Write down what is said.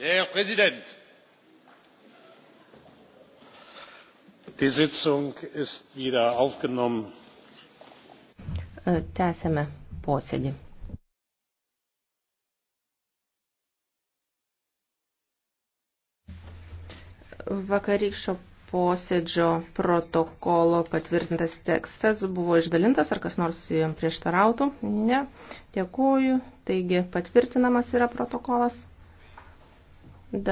herr präsident! die sitzung ist wieder aufgenommen. tęsiame posėdį. vakarykščio posėdžio protokolo patvirtintas tekstas buvo išdalintas, ar kas nors jam prieštarautų? Ne. Dėkuoju. Taigi patvirtinamas yra protokolas. Dabar